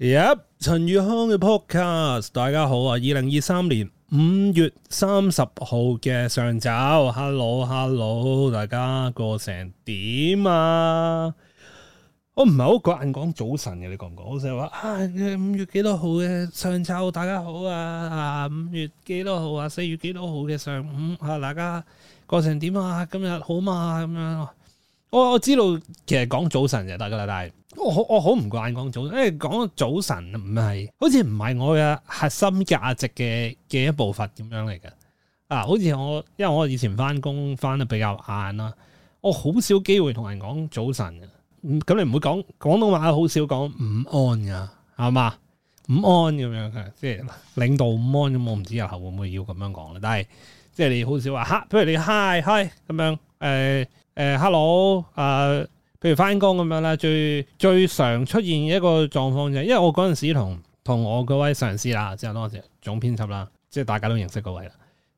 Yep, 陳宇康嘅 podcast，大家好啊！二零二三年五月三十號嘅上晝，hello hello，大家過成點啊？我唔係好慣講早晨嘅，你講唔講？我成日話啊，五月幾多號嘅上晝，大家好啊！啊，五月幾多號啊多號？四月幾多號嘅上午啊？大家過成點啊？今日好嘛？咁樣，我我知道，其實講早晨嘅。大家啦，但我好我好唔慣講早晨，因為講早晨唔係，好似唔係我嘅核心價值嘅嘅一部分咁樣嚟嘅。啊，好似我，因為我以前翻工翻得比較晏啦，我好少機會同人講早晨嘅。咁、嗯、你唔會講廣東話講，好少講午安噶，係嘛？午安咁樣嘅，即係領導午安咁。我唔知日後會唔會要咁樣講啦。但係即係你好少話哈，譬如你 hi hi 咁樣，誒、呃、誒、呃、hello 啊、呃。譬如翻工咁樣啦，最最常出現一個狀況就係，因為我嗰陣時同同我嗰位上司啦，即係當時總編輯啦，即係大家都認識嗰位啦。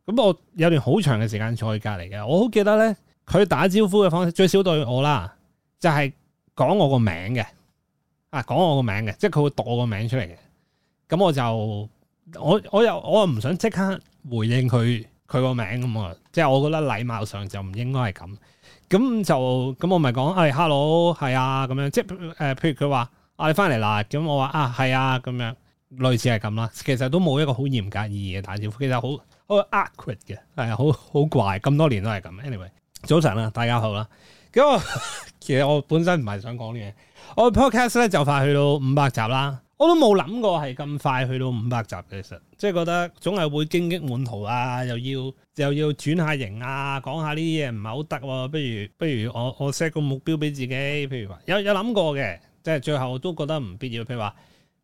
咁我有段好長嘅時間坐喺隔籬嘅，我好記得咧，佢打招呼嘅方式最少對我啦，就係講我個名嘅，啊講我個名嘅，即係佢會讀我個名出嚟嘅。咁我就我我又我又唔想即刻回應佢佢個名咁啊，即係我覺得禮貌上就唔應該係咁。咁就咁我咪講，哎，hello，係啊，咁樣，即係誒、呃，譬如佢話，你翻嚟啦，咁我話啊，係啊，咁樣，類似係咁啦，其實都冇一個好嚴格意義嘅打招呼，但其實好好 awkward 嘅，係啊，好好怪，咁多年都係咁。anyway，早晨啦，大家好啦，咁我其實我本身唔係想講呢嘢，我 podcast 咧就快去到五百集啦。我都冇諗過係咁快去到五百集，其實即係覺得總係會荊棘滿途啊，又要又要轉下型啊，講下呢啲嘢唔係好得喎。不如不如我我 set 個目標俾自己，譬如話有有諗過嘅，即係最後都覺得唔必要。譬如話，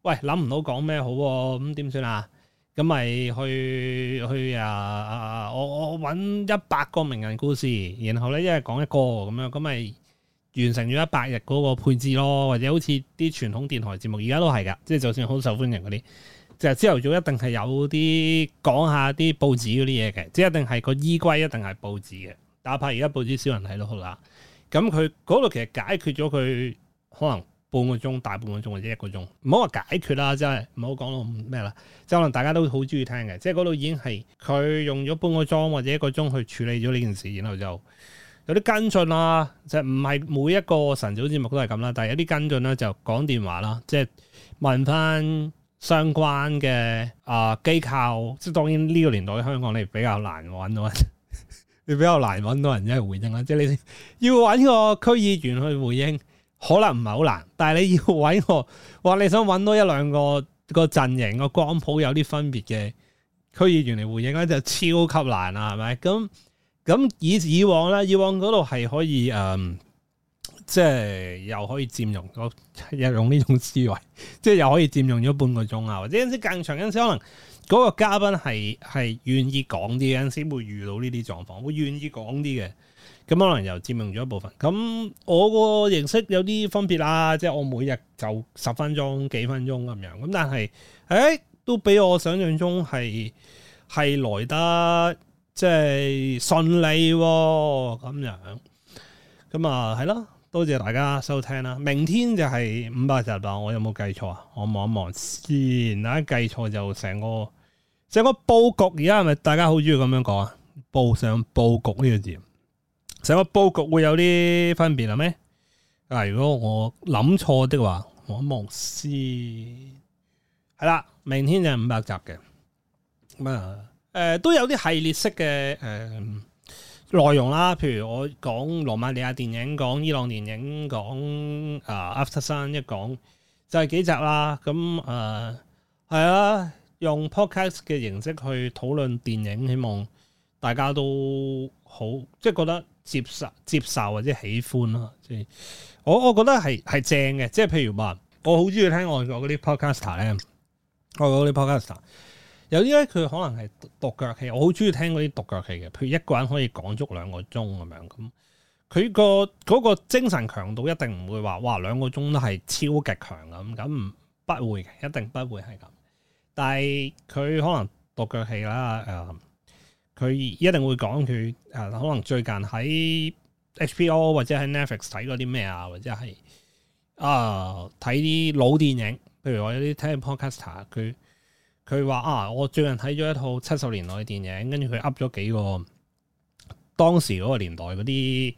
喂諗唔到講咩好，咁點算啊？咁咪、啊、去去啊啊！我我搵一百個名人故事，然後咧一日講一個咁樣，咁咪。完成咗一百日嗰個配置咯，或者好似啲傳統電台節目，而家都係㗎，即係就算好受歡迎嗰啲，就朝頭早一定係有啲講下啲報紙嗰啲嘢嘅，即係一定係個依歸一定係報紙嘅，哪怕而家報紙少人睇都好啦。咁佢嗰度其實解決咗佢可能半個鐘、大半個鐘或者一個鐘，唔好話解決啦，真係唔好講到咩啦，即係可能大家都好中意聽嘅，即係嗰度已經係佢用咗半個鐘或者一個鐘去處理咗呢件事，然後就。有啲跟進啦、啊，即係唔係每一個晨早節目都係咁啦，但係有啲跟進啦、啊，就講電話啦，即係問翻相關嘅啊機構，即係當然呢個年代喺香港比 你比較難揾到，你比較難揾到人一回應啦。即係你要揾個區議員去回應，可能唔係好難，但係你要揾個話你想揾到一兩個個陣營個光譜有啲分別嘅區議員嚟回應咧，就超級難啦、啊，係咪咁？咁以以往咧，以往嗰度係可以，嗯、呃，即係又可以佔用個，又用呢種思維，即係又可以佔用咗半個鐘啊，或者有啲更長，有陣時可能嗰個嘉賓係係願意講啲，有陣時會遇到呢啲狀況，會願意講啲嘅，咁可能又佔用咗一部分。咁我個形式有啲分別啦，即係我每日就十分鐘、幾分鐘咁樣。咁但係，誒、欸，都比我想象中係係來得。即係順利咁、哦、樣，咁啊係咯，多謝大家收聽啦。明天就係五百集喇，我有冇計錯啊？我望一望先，嗱，計錯就成個成個布局。而家係咪大家好鍾意咁樣講啊？布上布局呢個字，成個布局會有啲分別係咩？嗱，如果我諗錯的話，我望先係啦。明天就係五百集嘅咁啊。誒、呃、都有啲系列式嘅誒、呃、內容啦，譬如我講羅馬尼亞電影，講伊朗電影，講啊、呃、After Sun 一講就係、是、幾集啦。咁誒係啊，用 podcast 嘅形式去討論電影，希望大家都好，即係覺得接受、接受或者喜歡啦。即係我我覺得係係正嘅，即係譬如話，我好中意聽外國嗰啲 podcaster 咧，外國啲 podcaster。有啲咧，佢可能係獨腳戲，我好中意聽嗰啲獨腳戲嘅。譬如一個人可以講足兩個鐘咁樣，咁佢個嗰個精神強度一定唔會話哇兩個鐘都係超極強咁，咁唔唔會嘅，一定唔會係咁。但係佢可能獨腳戲啦，誒、呃，佢一定會講佢誒、呃，可能最近喺 HBO 或者喺 Netflix 睇過啲咩啊，或者係啊睇啲老電影，譬如我有啲聽 podcaster 佢。佢話啊，我最近睇咗一套七十年代嘅電影，跟住佢噏咗幾個當時嗰個年代嗰啲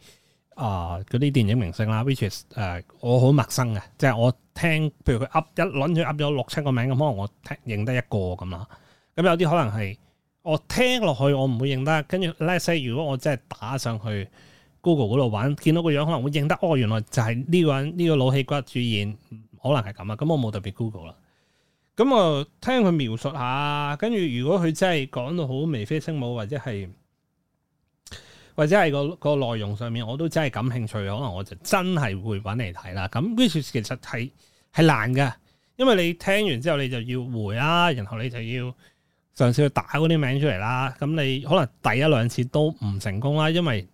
啊啲電影明星啦，which is 誒、呃、我好陌生嘅，即係我聽，譬如佢噏一輪，佢噏咗六七個名咁，可能我聽認得一個咁啦。咁有啲可能係我聽落去我唔會認得，跟住 Let's say，如果我真係打上去 Google 嗰度玩，見到個樣可能會認得，哦原來就係呢、這個人呢、這個老戲骨主演，可能係咁啊，咁我冇特別 Google 啦。咁我、嗯、聽佢描述下，跟住如果佢真係講到好眉飛色舞，或者係或者係個個內容上面，我都真係感興趣，可能我就真係會揾嚟睇啦。咁呢件事其實係係難嘅，因為你聽完之後你就要回啦、啊，然後你就要嘗試去打嗰啲名出嚟啦、啊。咁你可能第一兩次都唔成功啦、啊，因為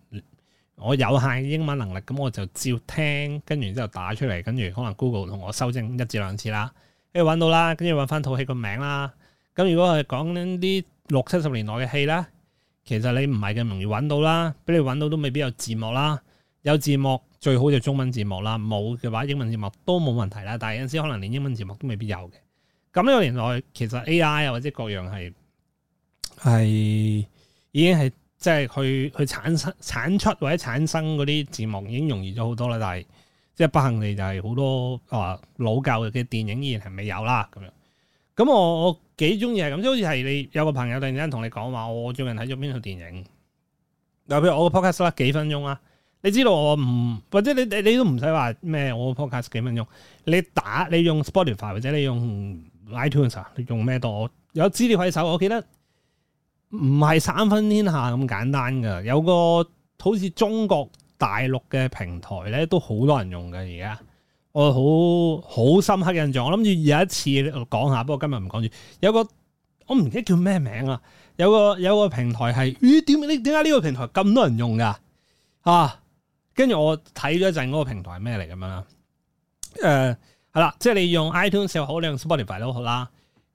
我有限英文能力，咁我就照聽，跟住之後打出嚟，跟住可能 Google 同我修正一至兩次啦。你揾到啦，跟住揾翻套戲個名啦。咁如果係講緊啲六七十年代嘅戲啦，其實你唔係咁容易揾到啦。俾你揾到都未必有字幕啦，有字幕最好就中文字幕啦，冇嘅話英文字幕都冇問題啦。但係有陣時可能連英文字幕都未必有嘅。咁呢個年代其實 AI 啊或者各樣係係是已經係即係去去產生、產出或者產生嗰啲字幕已經容易咗好多啦，但係。即係不幸地就係好多啊老舊嘅電影依然係未有啦，咁樣，咁我，我幾中意係咁，即好似係你有個朋友突然間同你講話，我最近睇咗邊套電影，又譬如我個 podcast 啦幾分鐘啊，你知道我唔或者你你你都唔使話咩，我個 podcast 幾分鐘，你打你用 Spotify 或者你用 iTunes 啊，你用咩多有資料喺手，我記得唔係三分天下咁簡單噶，有個好似中國。大陸嘅平台咧都好多人用㗎，而家我好好深刻印象。我諗住有一次講下，不過今日唔講住。有個我唔記得叫咩名啊，有個有個平台係咦？點你點解呢個平台咁多人用噶？啊！跟住我睇咗一陣嗰個平台係咩嚟咁樣啦？誒、呃，係啦，即係你用 iTunes 又好，你用 Spotify 都好啦。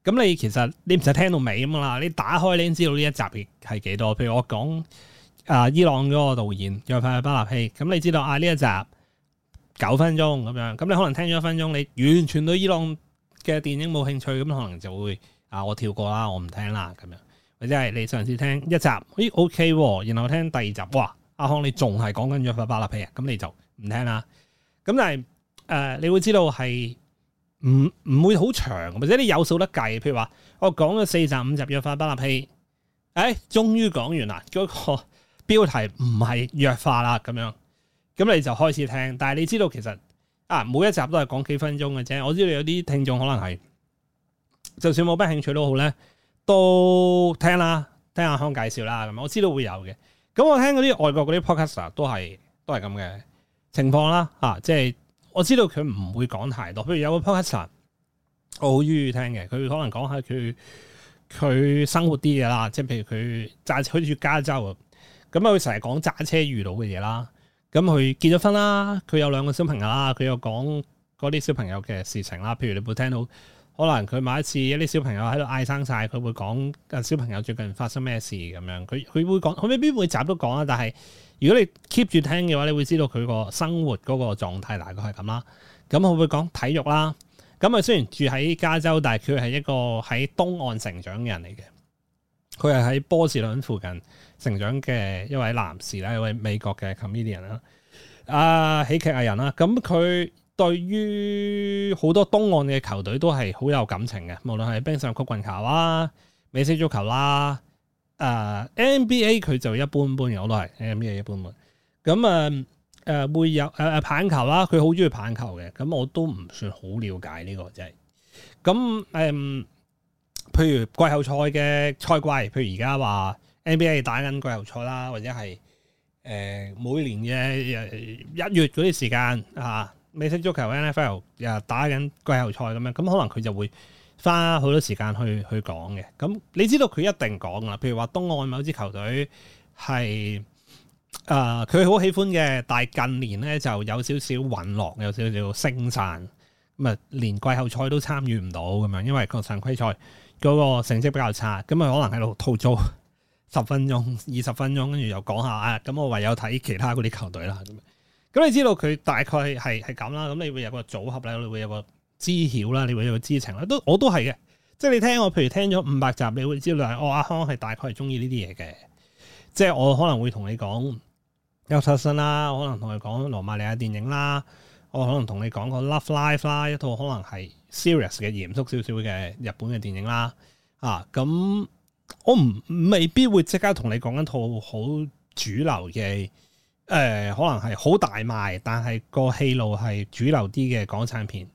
咁你其實你唔使聽到尾咁啦，你打開你知道呢一集係幾多。譬如我講。啊！伊朗嗰個導演約法巴納希，咁、嗯、你知道啊？呢一集九分鐘咁樣，咁、嗯、你可能聽咗一分鐘，你完全對伊朗嘅電影冇興趣，咁、嗯、可能就會啊，我跳過啦，我唔聽啦咁樣。或者係你上次聽一集，咦 OK、哦、然後聽第二集，哇！阿、啊、康你仲係講緊約法巴納希，啊、嗯，咁你就唔聽啦。咁、嗯、但係誒、呃，你會知道係唔唔會好長，或者你有數得計。譬如話，我講咗四集、五集約法巴納希，誒，終於講完啦，嗰個。標題唔係弱化啦，咁樣咁你就開始聽，但係你知道其實啊，每一集都係講幾分鐘嘅啫。我知道有啲聽眾可能係，就算冇乜興趣都好咧，都聽啦，聽阿康介紹啦。咁我知道會有嘅。咁我聽嗰啲外國嗰啲 podcast 都係都係咁嘅情況啦。啊，即係我知道佢唔會講太多。譬如有個 podcast 我好中意聽嘅，佢可能講下佢佢生活啲嘢啦，即係譬如佢住好似加州啊。咁啊，佢成日講揸車遇到嘅嘢啦。咁佢結咗婚啦，佢有兩個小朋友啦。佢又講嗰啲小朋友嘅事情啦。譬如你會聽到，可能佢某一次一啲小朋友喺度嗌生晒，佢會講小朋友最近發生咩事咁樣。佢佢會講，佢未必每集都講啊。但係如果你 keep 住聽嘅話，你會知道佢個生活嗰個狀態大概係咁啦。咁佢會講體育啦。咁啊，雖然住喺加州，但係佢係一個喺東岸成長嘅人嚟嘅。佢係喺波士頓附近成長嘅一位男士咧，一位美國嘅 comedian 啦、啊，啊喜劇藝人啦。咁、嗯、佢對於好多東岸嘅球隊都係好有感情嘅，無論係冰上曲棍球啦、美式足球啦、誒、啊、NBA 佢就一般般嘅，我都係 NBA 一般般。咁、嗯、啊誒會有誒、啊、棒球啦，佢好中意棒球嘅，咁、嗯、我都唔算好了解呢、這個啫。咁、就、誒、是。嗯嗯譬如季後賽嘅賽季，譬如而家話 NBA 打緊季後賽啦，或者係誒、呃、每年嘅一月嗰啲時間啊、呃，美式足球 NFL 又打緊季後賽咁樣，咁可能佢就會花好多時間去去講嘅。咁你知道佢一定講啦。譬如話東岸某支球隊係誒佢好喜歡嘅，但係近年咧就有少少隕落，有少少升散咁啊，連季後賽都參與唔到咁樣，因為個常規賽。嗰個成績比較差，咁啊可能喺度吐槽十分鐘、二十分鐘，跟住又講下，咁、啊、我唯有睇其他嗰啲球隊啦。咁，咁你知道佢大概係係咁啦。咁你會有個組合咧，你會有個知曉啦，你會有個知情啦。都我都係嘅，即係你聽我，譬如聽咗五百集，你會知道係我、哦、阿康係大概係中意呢啲嘢嘅。即係我可能會同你講優秀生啦，我可能同你講羅馬尼亞電影啦。我可能同你講個 Love Life 啦，一套可能係 serious 嘅嚴肅少少嘅日本嘅電影啦。啊，咁、嗯、我唔未必會即刻同你講一套好主流嘅，誒、呃，可能係好大賣，但係個戲路係主流啲嘅港產片。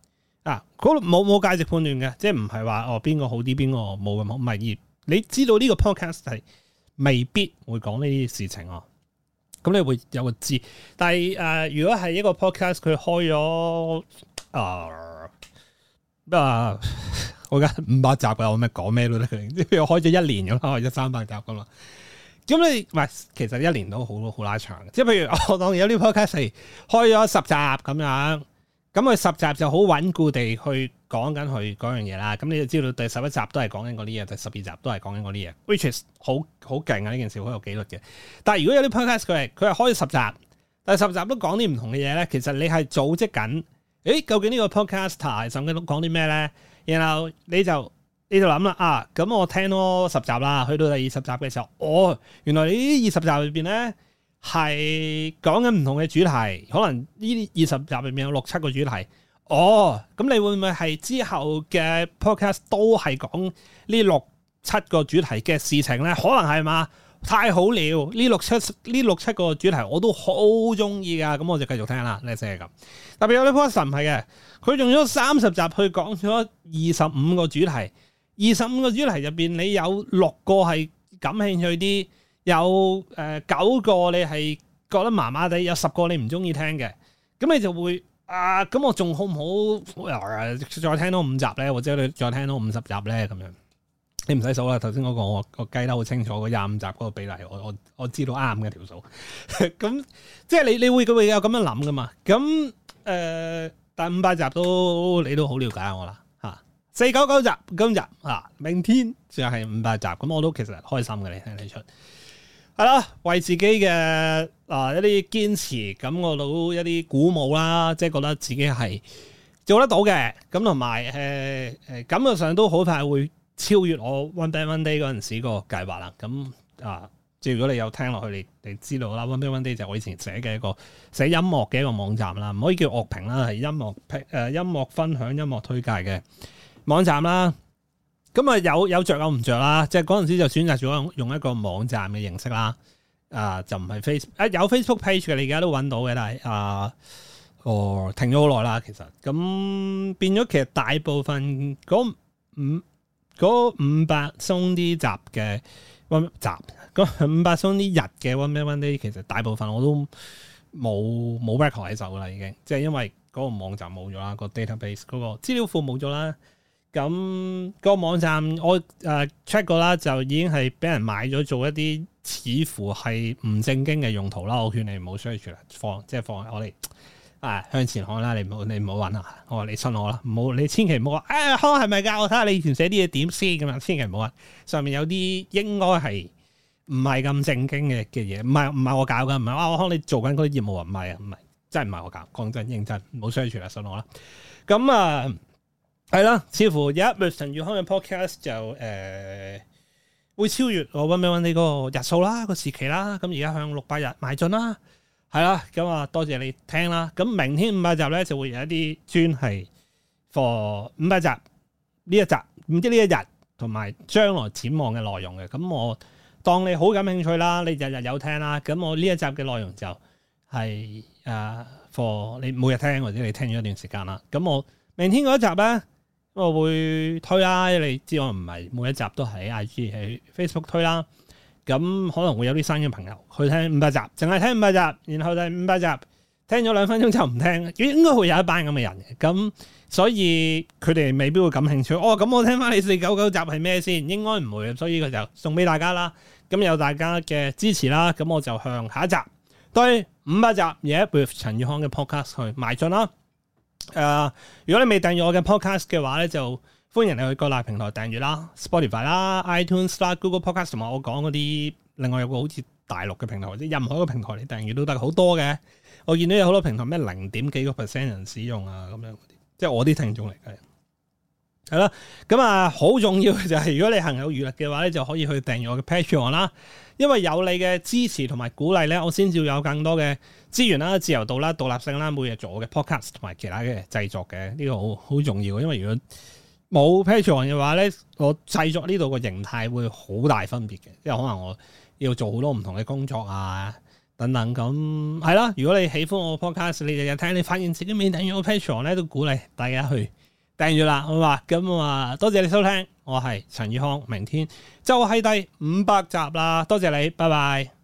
啊，冇冇價值判斷嘅，即係唔係話哦邊個好啲，邊個冇咁好，唔係而你知道呢個 podcast 係未必會講呢啲事情哦、啊。咁你會有個知，但係誒、呃，如果係一個 podcast 佢開咗誒咩啊，我而家五百集嘅，我有咩講咩都得。即係譬如開咗一年咁啦，一三百集噶嘛。咁你唔其實一年都好好拉長，即係譬如我當而有啲 podcast 係開咗十集咁樣，咁佢十集就好穩固地去。講緊佢嗰樣嘢啦，咁你就知道第十一集都係講緊嗰啲嘢，第十二集都係講緊嗰啲嘢，which is 好好勁啊！呢件事好有紀律嘅。但係如果有啲 podcast 佢係佢係開十集，第十集都講啲唔同嘅嘢咧，其實你係組織緊，誒究竟個呢個 podcaster 係想佢講啲咩咧？然後你就你就諗啦，啊咁我聽咯十集啦，去到第二十集嘅時候，哦原來呢二十集裏邊咧係講緊唔同嘅主題，可能呢啲二十集入面有六七個主題。哦，咁你會唔會係之後嘅 podcast 都係講呢六七個主題嘅事情呢？可能係嘛？太好了，呢六七呢六七個主題我都好中意噶，咁我就繼續聽啦。呢啲咁特別有啲 person 係嘅，佢用咗三十集去講咗二十五個主題，二十五個主題入邊，你有六個係感興趣啲，有誒九個你係覺得麻麻地，有十個你唔中意聽嘅，咁你就會。啊，咁我仲好唔好、呃、再聽多五集咧？或者你再聽多五十集咧？咁樣你唔使數啦。頭先嗰個我我計得好清楚，嗰廿五集嗰個比例，我我我知道啱嘅條數。咁 即係你你會會有咁樣諗噶嘛？咁誒、呃，但五百集都你都好了解我啦。吓、啊，四九九集今日啊，明天就係五百集。咁我都其實開心嘅，你聽得出。係啦、啊，為自己嘅啊一啲堅持，感覺到一啲鼓舞啦，即係覺得自己係做得到嘅，咁同埋誒誒，感覺上都好快會超越我 One Day One Day 嗰陣時個計劃啦。咁啊，即係如果你有聽落去，你你知道啦，One Day One Day 就係我以前寫嘅一個寫音樂嘅一個網站啦，唔可以叫樂評啦，係音樂誒、呃、音樂分享、音樂推介嘅網站啦。咁啊、嗯、有有着有唔着啦，即係嗰陣時就選擇咗用，用一個網站嘅形式啦，啊、呃、就唔係 face，啊有 Facebook page 嘅，你而家都揾到嘅，但係啊，我、呃哦、停咗好耐啦，其實咁變咗其實大部分嗰五嗰五百鬆啲集嘅 one 集，咁五百鬆啲日嘅 one day one d 其實大部分我都冇冇 record 喺手啦，已經，即係因為嗰個網站冇咗啦，那個 database 嗰、那個資料庫冇咗啦。咁、嗯，那個網站我誒 check、呃、過啦，就已經係俾人買咗做一啲似乎係唔正經嘅用途啦。我勸你唔好 search 啦，放即係放我哋啊向前看啦，你唔好你唔好搵啊！我話你信我啦，唔好你千祈唔好話啊康係咪教我睇下你以前寫啲嘢點先咁啊！千祈唔好話上面有啲應該係唔係咁正經嘅嘅嘢，唔係唔係我搞噶，唔係我康你做緊嗰啲業務啊，唔係唔係真係唔係我搞，講真認真，唔好 search 啦，信我啦。咁、嗯、啊～、嗯係啦，似乎而、yeah, 家《陳宇康嘅 Podcast》就誒會超越我搵唔搵呢個日數啦，個時期啦。咁而家向六百日邁進啦，係啦。咁啊，多謝你聽啦。咁明天五百集咧，就會有一啲專係 for 五百集呢一集，唔知呢一日同埋將來展望嘅內容嘅。咁我當你好感興趣啦，你日日有聽啦。咁我呢一集嘅內容就係、是、誒、uh, for 你每日聽，或者你聽咗一段時間啦。咁我明天嗰一集咧。我會推啦，你知我唔係每一集都喺 IG 喺 Facebook 推啦，咁可能會有啲新嘅朋友去聽五百集，淨係聽五百集，然後就係五百集聽咗兩分鐘就唔聽，應該會有一班咁嘅人嘅，咁所以佢哋未必會感興趣。哦，咁我聽翻你四九九集係咩先？應該唔會，所以佢就送俾大家啦。咁有大家嘅支持啦，咁我就向下一集對五百集嘢、yeah，with 陳宇康嘅 podcast 去邁進啦。誒，uh，如果你未訂閱我嘅 podcast 嘅話咧，就歡迎你去各大平台訂閱啦，Spotify 啦、iTunes 啦、Google Podcast 同埋我講嗰啲，另外有個好似大陸嘅平台，即係任何一個平台嚟訂閱都得，好多嘅。我見到有好多平台咩零點幾個 percent 人使用啊，咁樣嗰啲，即係我啲聽眾嚟嘅。係啦，咁啊，好重要嘅就係，如果你行有餘力嘅話咧，就可以去訂閱我嘅 patreon 啦。因為有你嘅支持同埋鼓勵咧，我先至有更多嘅資源啦、自由度啦、獨立性啦，每日做我嘅 podcast 同埋其他嘅製作嘅。呢個好好重要，因為如果冇 patreon 嘅話咧，我製作呢度嘅形態會好大分別嘅，即係可能我要做好多唔同嘅工作啊等等。咁係啦，如果你喜歡我 podcast，你日日聽，你發現自己未訂閱我 patreon 咧，都鼓勵大家去。訂閱啦，好嘛？咁啊，多謝你收聽，我係陳宇康，明天就係、是、第五百集啦，多謝你，拜拜。